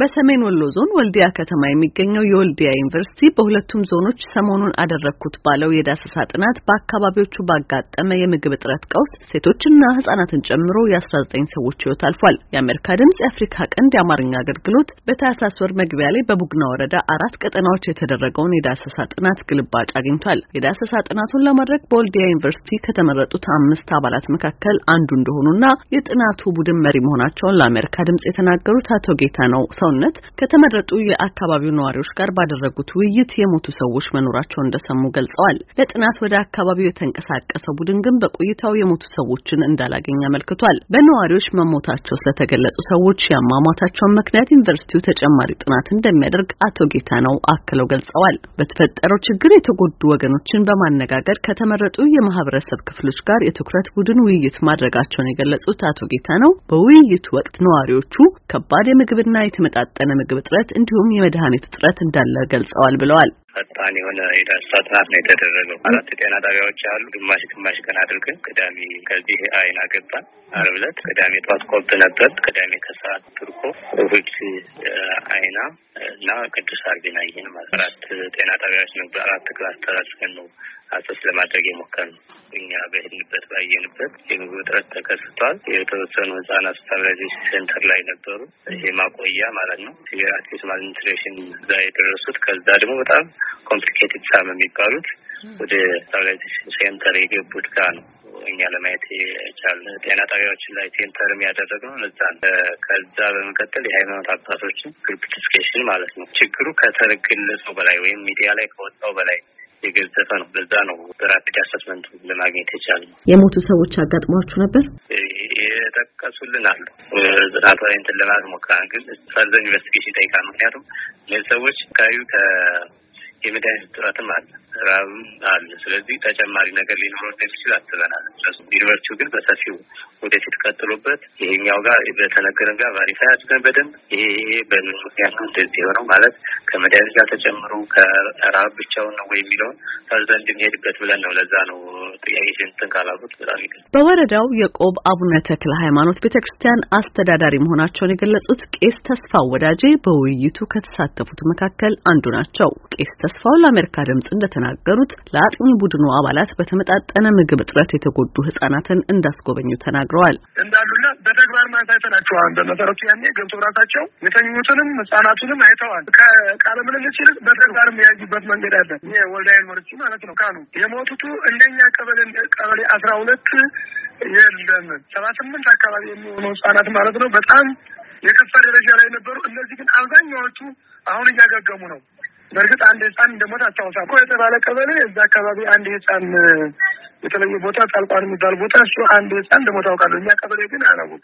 በሰሜን ወሎ ዞን ወልዲያ ከተማ የሚገኘው የወልዲያ ዩኒቨርሲቲ በሁለቱም ዞኖች ሰሞኑን አደረግኩት ባለው የዳሰሳ ጥናት በአካባቢዎቹ ባጋጠመ የምግብ እጥረት ቀውስ ሴቶችና ህጻናትን ጨምሮ የ19 ሰዎች ህይወት አልፏል። የአሜሪካ ድምጽ የአፍሪካ ቀንድ የአማርኛ አገልግሎት በታህሳስ ወር መግቢያ ላይ በቡግና ወረዳ አራት ቀጠናዎች የተደረገውን የዳሰሳ ጥናት ግልባጭ አግኝቷል። የዳሰሳ ጥናቱን ለማድረግ በወልዲያ ዩኒቨርሲቲ ከተመረጡት አምስት አባላት መካከል አንዱ እንደሆኑና የጥናቱ ቡድን መሪ መሆናቸውን ለአሜሪካ ድምጽ የተናገሩት አቶ ጌታ ነው ሰውነት ከተመረጡ የአካባቢው ነዋሪዎች ጋር ባደረጉት ውይይት የሞቱ ሰዎች መኖራቸውን እንደሰሙ ገልጸዋል። ለጥናት ወደ አካባቢው የተንቀሳቀሰው ቡድን ግን በቆይታው የሞቱ ሰዎችን እንዳላገኝ አመልክቷል። በነዋሪዎች መሞታቸው ስለተገለጹ ሰዎች ያሟሟታቸውን ምክንያት ዩኒቨርሲቲው ተጨማሪ ጥናት እንደሚያደርግ አቶ ጌታ ነው አክለው ገልጸዋል። በተፈጠረው ችግር የተጎዱ ወገኖችን በማነጋገር ከተመረጡ የማህበረሰብ ክፍሎች ጋር የትኩረት ቡድን ውይይት ማድረጋቸውን የገለጹት አቶ ጌታ ነው በውይይቱ ወቅት ነዋሪዎቹ ከባድ የምግብና የትምህርት የተመጣጠነ ምግብ እጥረት እንዲሁም የመድኃኒት እጥረት እንዳለ ገልጸዋል ብለዋል። ፈጣን የሆነ የዳሰሳ ጥናት ነው የተደረገው። አራት ጤና ጣቢያዎች አሉ። ግማሽ ግማሽ ቀን አድርገን ቅዳሜ ከዚህ አይና ገባን። ዓርብ ዕለት ቅዳሜ ጠዋት ቆብ ነበር። ቅዳሜ ከሰዓት ትርኮ፣ እሑድ አይና እና ቅዱስ አርቢና ይህን ማለት አራት ጤና ጣቢያዎች ነው። በአራት ክላስተር አድርገን ነው አሰስ ለማድረግ የሞከርነው። እኛ በሄድንበት ባየንበት የምግብ እጥረት ተከስቷል። የተወሰኑ ህጻናት ስታብላይዜሽን ሴንተር ላይ ነበሩ። ይሄ ማቆያ ማለት ነው። የአትሊስት ማልኒትሬሽን እዛ የደረሱት ከዛ ደግሞ በጣም ኮምፕሊኬትድ ሳም የሚባሉት ወደ ስታብላይዜሽን ሴንተር የገቡት ጋር ነው። እኛ ለማየት የቻለ ጤና ጣቢያዎችን ላይ ሴንተር ነው። እዛ ከዛ በመቀጠል የሃይማኖት አባቶችን ግሩፕ ዲስኬሽን ማለት ነው። ችግሩ ከተገለጸው በላይ ወይም ሚዲያ ላይ ከወጣው በላይ የገዘፈ ነው። በዛ ነው በራፒድ አሰስመንቱ ለማግኘት የቻለ የሞቱ ሰዎች አጋጥሟችሁ ነበር የጠቀሱልን አሉ ላይ እንትን ለማለት ግን ፈርዘር ኢንቨስቲጌሽን ይጠይቃል። ምክንያቱም እነዚህ ሰዎች አካባቢው የመድኃኒት እጥረትም አለ፣ ራብም አለ። ስለዚህ ተጨማሪ ነገር ሊኖረው እንደሚችል አስበናል። ዩኒቨርሲቲው ግን በሰፊው ወደፊት ቀጥሎበት ይሄኛው ጋር በተነገረን ጋር ቫሪፋይ አድርገን በደንብ ይሄ በምን ምክንያት ነው እንደዚህ የሆነው ማለት ከመድኃኒት ጋር ተጨምሮ ከራብ ብቻውን ነው ወይ የሚለውን ፈርዘ እንድንሄድበት ብለን ነው። ለዛ ነው ጥያቄ እንትን ካላሉት በጣም ይገ በወረዳው የቆብ አቡነ ተክለ ሃይማኖት ቤተ ክርስቲያን አስተዳዳሪ መሆናቸውን የገለጹት ቄስ ተስፋ ወዳጄ በውይይቱ ከተሳተፉት መካከል አንዱ ናቸው። ቄስ ተስፋው ለአሜሪካ ድምጽ እንደተናገሩት ለአጥኚ ቡድኑ አባላት በተመጣጠነ ምግብ እጥረት የተጎዱ ህጻናትን እንዳስጎበኙ ተናግረዋል። እንዳሉና በተግባር ማሳይተናቸዋል። በመሰረቱ ያኔ ገብቶ ራሳቸው የተኙትንም ህጻናቱንም አይተዋል። ከቃለ ምልልስ ይልቅ በተግባር የሚያዩበት መንገድ አለ። ወልዲያ ዩኒቨርሲቲ ማለት ነው። ካኑ የሞቱቱ እንደኛ ቀበሌ ቀበሌ አስራ ሁለት የለም ሰባ ስምንት አካባቢ የሚሆኑ ህጻናት ማለት ነው በጣም የከፋ ደረጃ ላይ ነበሩ። እነዚህ ግን አብዛኛዎቹ አሁን እያገገሙ ነው። በእርግጥ አንድ ህፃን እንደሞት አስታውሳ እኮ የተባለ ቀበሌ እዛ አካባቢ አንድ ህፃን የተለየ ቦታ ጣልቋን የሚባል ቦታ እሱ አንድ ህፃን እንደሞታ አውቃለሁ። እኛ ቀበሌ ግን አላወኩም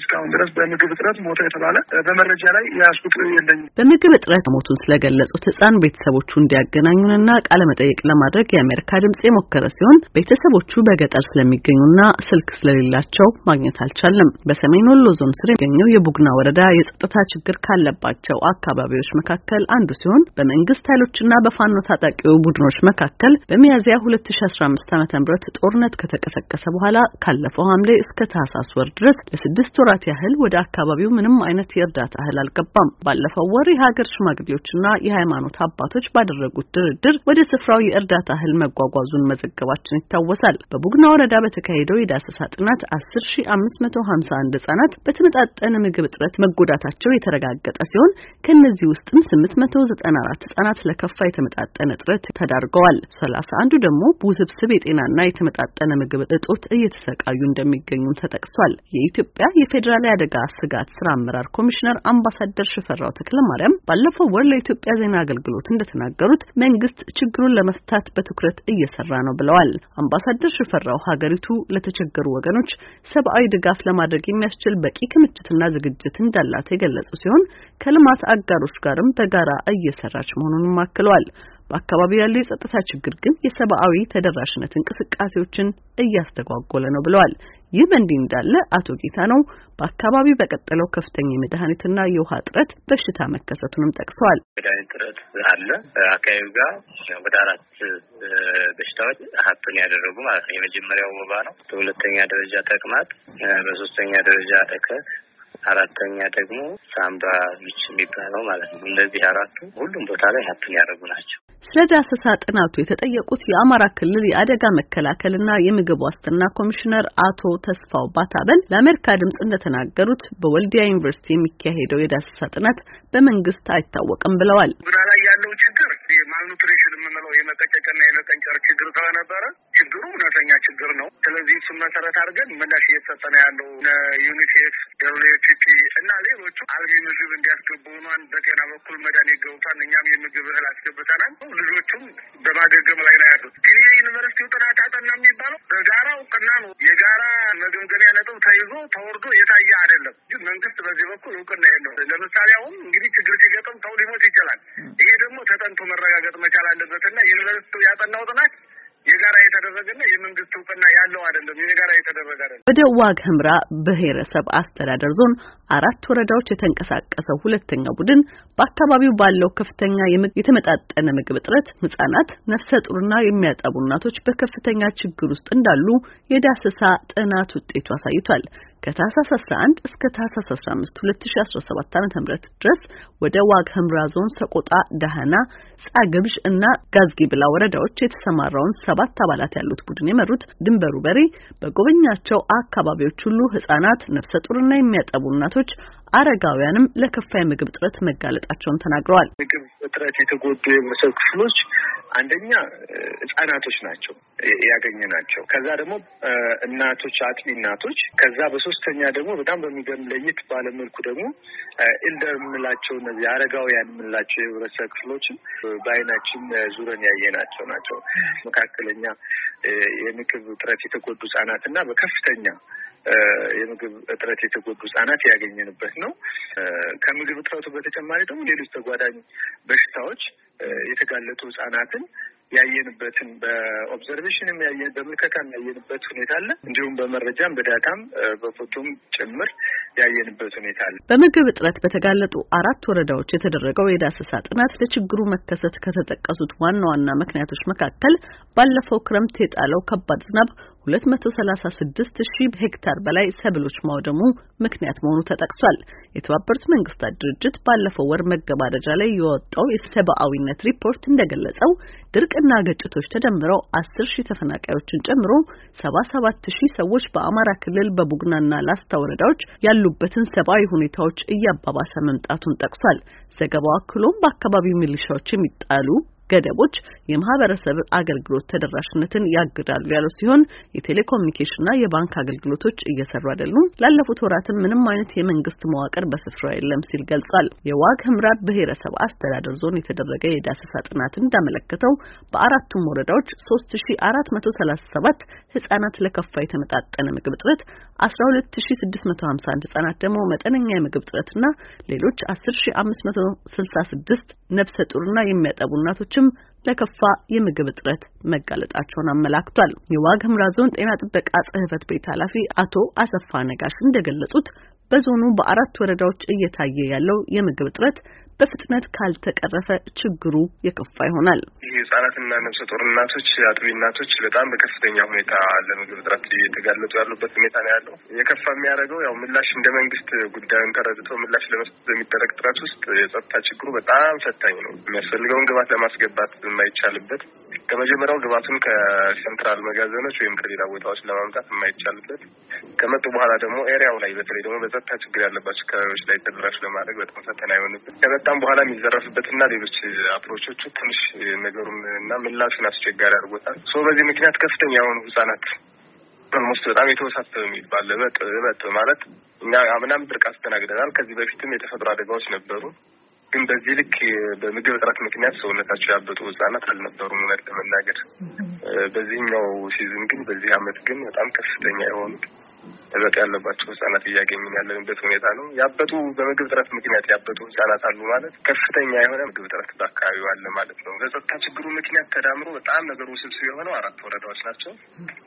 እስካሁን ድረስ በምግብ እጥረት ሞተ የተባለ በመረጃ ላይ ያስቁጥ የለኝም። በምግብ እጥረት ሞቱን ስለገለጹት ህፃን ቤተሰቦቹ እንዲያገናኙንና ቃለ መጠየቅ ለማድረግ የአሜሪካ ድምጽ የሞከረ ሲሆን ቤተሰቦቹ በገጠር ስለሚገኙና ስልክ ስለሌላቸው ማግኘት አልቻለም። በሰሜን ወሎ ዞን ስር የሚገኘው የቡግና ወረዳ የጸጥታ ችግር ካለባቸው አካባቢዎች መካከል አንዱ ሲሆን በመንግ በመንግስት ኃይሎችና በፋኖ ታጣቂው ቡድኖች መካከል በሚያዝያ 2015 ዓ.ም ጦርነት ከተቀሰቀሰ በኋላ ካለፈው ሐምሌ እስከ ታህሳስ ወር ድረስ ለስድስት ወራት ያህል ወደ አካባቢው ምንም አይነት የእርዳታ እህል አልገባም። ባለፈው ወር የሀገር ሽማግሌዎችና የሃይማኖት አባቶች ባደረጉት ድርድር ወደ ስፍራው የእርዳታ እህል መጓጓዙን መዘገባችን ይታወሳል። በቡግና ወረዳ በተካሄደው የዳሰሳ ጥናት 10551 ህጻናት በተመጣጠነ ምግብ እጥረት መጎዳታቸው የተረጋገጠ ሲሆን ከነዚህ ውስጥም 894 ህጻናት ለከፋ የተመጣጠነ እጥረት ተዳርገዋል። ሰላሳ አንዱ ደግሞ ውስብስብ የጤናና የተመጣጠነ ምግብ እጦት እየተሰቃዩ እንደሚገኙም ተጠቅሷል። የኢትዮጵያ የፌዴራል አደጋ ስጋት ስራ አመራር ኮሚሽነር አምባሳደር ሽፈራው ተክለ ማርያም ባለፈው ወር ለኢትዮጵያ ዜና አገልግሎት እንደተናገሩት መንግስት ችግሩን ለመፍታት በትኩረት እየሰራ ነው ብለዋል። አምባሳደር ሽፈራው ሀገሪቱ ለተቸገሩ ወገኖች ሰብአዊ ድጋፍ ለማድረግ የሚያስችል በቂ ክምችትና ዝግጅት እንዳላት የገለጹ ሲሆን ከልማት አጋሮች ጋርም በጋራ እየሰራች መሆኑንም አክለዋል። በአካባቢው ያለው የጸጥታ ችግር ግን የሰብአዊ ተደራሽነት እንቅስቃሴዎችን እያስተጓጎለ ነው ብለዋል። ይህ በእንዲህ እንዳለ አቶ ጌታ ነው በአካባቢው በቀጠለው ከፍተኛ የመድኃኒትና የውሃ እጥረት በሽታ መከሰቱንም ጠቅሰዋል። መድኃኒት እጥረት አለ አካባቢው ጋር ወደ አራት በሽታዎች ሀብትን ያደረጉ ማለት ነው። የመጀመሪያው ወባ ነው። በሁለተኛ ደረጃ ተቅማጥ፣ በሶስተኛ ደረጃ እከክ አራተኛ ደግሞ ሳምባ ዊች የሚባለው ማለት ነው። እነዚህ አራቱ ሁሉም ቦታ ላይ ሀፕን ያደረጉ ናቸው። ስለ ዳሰሳ ጥናቱ የተጠየቁት የአማራ ክልል የአደጋ መከላከልና የምግብ ዋስትና ኮሚሽነር አቶ ተስፋው ባታበል ለአሜሪካ ድምጽ እንደተናገሩት በወልዲያ ዩኒቨርሲቲ የሚካሄደው የዳሰሳ ጥናት በመንግስት አይታወቅም ብለዋል። ጉና ላይ ያለው ችግር የማልኑትሪሽን የምንለው የመቀጨጭና የመቀንጨር ችግር ስለነበረ ችግሩ እውነተኛ ችግር ነው። ስለዚህ እሱን መሰረት አድርገን ምላሽ እየተሰጠነ ያለው ዩኒሴፍ፣ ዩኤችፒ እና ሌሎቹ አልሚ ምግብ እንዲያስገቡ ሆኗን በጤና በኩል መድኃኒት ገብቷል። እኛም የምግብ እህል አስገብተናል። ልጆቹም በማገገም ላይ ነው ያሉት። ግን የዩኒቨርሲቲው ጥናት አጠና የሚባለው በጋራ እውቅና ነው። የጋራ መገምገሚያ ነጥብ ተይዞ ተወርዶ የታየ አይደለም። መንግስት በዚህ በኩል እውቅና የለው። ለምሳሌ አሁን እንግዲህ ስለዚህ ችግር ሲገጥም ሰው ሊሞት ይችላል። ይሄ ደግሞ ተጠንቶ መረጋገጥ መቻል አለበትና ዩኒቨርስቲ ያጠናው ጥናት የጋራ የተደረገና የመንግስት እውቅና ያለው አይደለም። የጋራ የተደረገ አይደለም። ወደ ዋግ ህምራ ብሔረሰብ አስተዳደር ዞን አራት ወረዳዎች የተንቀሳቀሰው ሁለተኛው ቡድን በአካባቢው ባለው ከፍተኛ የተመጣጠነ ምግብ እጥረት ህጻናት፣ ነፍሰ ጡርና የሚያጠቡ እናቶች በከፍተኛ ችግር ውስጥ እንዳሉ የዳሰሳ ጥናት ውጤቱ አሳይቷል። ከታህሳስ 11 እስከ ታህሳስ 15 2017 ዓ.ም ድረስ ወደ ዋግ ህምራ ዞን ሰቆጣ፣ ዳህና፣ ጻግብሽ እና ጋዝጊ ብላ ወረዳዎች የተሰማራውን ሰባት አባላት ያሉት ቡድን የመሩት ድንበሩ በሬ በጎበኛቸው አካባቢዎች ሁሉ ህጻናት፣ ነፍሰ ጡርና የሚያጠቡ እናቶች አረጋውያንም ለከፋ የምግብ እጥረት መጋለጣቸውን ተናግረዋል። ምግብ እጥረት የተጎዱ የህብረተሰብ ክፍሎች አንደኛ ህጻናቶች ናቸው ያገኘ ናቸው። ከዛ ደግሞ እናቶች፣ አጥቢ እናቶች፣ ከዛ በሶስተኛ ደግሞ በጣም በሚገርም ለየት ባለመልኩ ደግሞ ኢልደር የምንላቸው እነዚህ አረጋውያን የምንላቸው የህብረተሰብ ክፍሎችም በአይናችን ዙረን ያየናቸው ናቸው። መካከለኛ የምግብ እጥረት የተጎዱ ህጻናት እና በከፍተኛ የምግብ እጥረት የተጎዱ ህጻናት ያገኘንበት ነው። ከምግብ እጥረቱ በተጨማሪ ደግሞ ሌሎች ተጓዳኝ በሽታዎች የተጋለጡ ህጻናትን ያየንበትን በኦብዘርቬሽንም ያየ በምልከታም ያየንበት ሁኔታ አለ። እንዲሁም በመረጃም በዳታም በፎቶም ጭምር ያየንበት ሁኔታ አለ። በምግብ እጥረት በተጋለጡ አራት ወረዳዎች የተደረገው የዳሰሳ ጥናት ለችግሩ መከሰት ከተጠቀሱት ዋና ዋና ምክንያቶች መካከል ባለፈው ክረምት የጣለው ከባድ ዝናብ 236000 ሺህ ሄክታር በላይ ሰብሎች ማውደሙ ምክንያት መሆኑ ተጠቅሷል። የተባበሩት መንግስታት ድርጅት ባለፈው ወር መገባደጃ ላይ የወጣው የሰብአዊነት ሪፖርት እንደገለጸው ድርቅና ግጭቶች ተደምረው 10 ተፈናቃዮችን ጨምሮ 77 ሺህ ሰዎች በአማራ ክልል በቡግናና ላስታ ወረዳዎች ያሉበትን ሰብአዊ ሁኔታዎች እያባባሰ መምጣቱን ጠቅሷል። ዘገባው አክሎም በአካባቢው ሚሊሻዎች የሚጣሉ ገደቦች የማህበረሰብ አገልግሎት ተደራሽነትን ያግዳሉ ያለው ሲሆን የቴሌኮሙኒኬሽንና የባንክ አገልግሎቶች እየሰሩ አይደሉም፣ ላለፉት ወራትም ምንም አይነት የመንግስት መዋቅር በስፍራው የለም ሲል ገልጿል። የዋግ ህምራ ብሔረሰብ አስተዳደር ዞን የተደረገ የዳሰሳ ጥናት እንዳመለከተው በአራቱም ወረዳዎች 3437 ህጻናት ለከፋ የተመጣጠነ ምግብ እጥረት፣ 12651 ህጻናት ደግሞ መጠነኛ የምግብ እጥረትና ሌሎች 10566 ነፍሰ ጡርና የሚያጠቡ እናቶች மற்றும் ለከፋ የምግብ እጥረት መጋለጣቸውን አመላክቷል። የዋግ ህምራ ዞን ጤና ጥበቃ ጽህፈት ቤት ኃላፊ አቶ አሰፋ ነጋሽ እንደገለጹት በዞኑ በአራት ወረዳዎች እየታየ ያለው የምግብ እጥረት በፍጥነት ካልተቀረፈ ችግሩ የከፋ ይሆናል። ህጻናትና ነፍሰ ጡር እናቶች፣ አጥቢ እናቶች በጣም በከፍተኛ ሁኔታ ለምግብ እጥረት እየተጋለጡ ያሉበት ሁኔታ ነው ያለው። የከፋ የሚያደርገው ያው ምላሽ እንደ መንግስት ጉዳዩን ተረድቶ ምላሽ ለመስጠት በሚደረግ ጥረት ውስጥ የጸጥታ ችግሩ በጣም ፈታኝ ነው። የሚያስፈልገውን ግባት ለማስገባት የማይቻልበት ከመጀመሪያው ግብአቱን ከሴንትራል መጋዘኖች ወይም ከሌላ ቦታዎች ለማምጣት የማይቻልበት ከመጡ በኋላ ደግሞ ኤሪያው ላይ በተለይ ደግሞ በጸጥታ ችግር ያለባቸው አካባቢዎች ላይ ተደራሽ ለማድረግ በጣም ፈተና የሆንበት ከመጣም በኋላ የሚዘረፍበትና ሌሎች አፕሮቾቹ ትንሽ ነገሩን እና ምላሹን አስቸጋሪ አድርጎታል። ሶ በዚህ ምክንያት ከፍተኛ የሆኑ ህጻናት ኦልሞስት በጣም የተወሳሰበ የሚባል እበጥ ማለት እኛ አምናም ድርቅ አስተናግደናል። ከዚህ በፊትም የተፈጥሮ አደጋዎች ነበሩ። ግን በዚህ ልክ በምግብ እጥረት ምክንያት ሰውነታቸው ያበጡ ህጻናት አልነበሩም እውነት ለመናገር በዚህኛው ሲዝን ግን በዚህ አመት ግን በጣም ከፍተኛ የሆኑት ጥበቃ ያለባቸው ህጻናት እያገኘን ያለንበት ሁኔታ ነው። ያበጡ በምግብ ጥረት ምክንያት ያበጡ ህጻናት አሉ ማለት ከፍተኛ የሆነ ምግብ ጥረት በአካባቢው አለ ማለት ነው። በጸጥታ ችግሩ ምክንያት ተዳምሮ በጣም ነገሩ ውስብስብ የሆነው አራት ወረዳዎች ናቸው።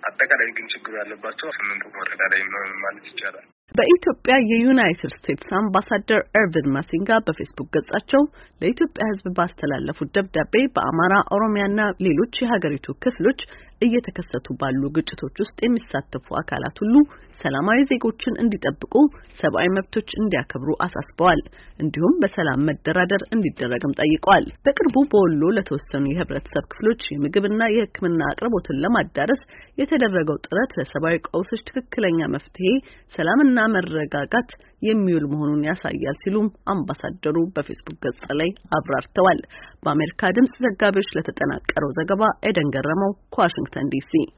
አጠቃላይ ግን ችግሩ ያለባቸው ስምንቱ ወረዳ ላይ ነው ማለት ይቻላል። በኢትዮጵያ የዩናይትድ ስቴትስ አምባሳደር ኤርቪን ማሲንጋ በፌስቡክ ገጻቸው ለኢትዮጵያ ሕዝብ ባስተላለፉት ደብዳቤ በአማራ፣ ኦሮሚያና ሌሎች የሀገሪቱ ክፍሎች እየተከሰቱ ባሉ ግጭቶች ውስጥ የሚሳተፉ አካላት ሁሉ ሰላማዊ ዜጎችን እንዲጠብቁ፣ ሰብአዊ መብቶች እንዲያከብሩ አሳስበዋል። እንዲሁም በሰላም መደራደር እንዲደረግም ጠይቀዋል። በቅርቡ በወሎ ለተወሰኑ የህብረተሰብ ክፍሎች የምግብና የሕክምና አቅርቦትን ለማዳረስ የተደረገው ጥረት ለሰብአዊ ቀውሶች ትክክለኛ መፍትሄ ሰላምና መረጋጋት የሚውል መሆኑን ያሳያል ሲሉም አምባሳደሩ በፌስቡክ ገጽ ላይ አብራርተዋል። በአሜሪካ ድምጽ ዘጋቢዎች ለተጠናቀረው ዘገባ ኤደን ገረመው ከዋሽንግተን ዲሲ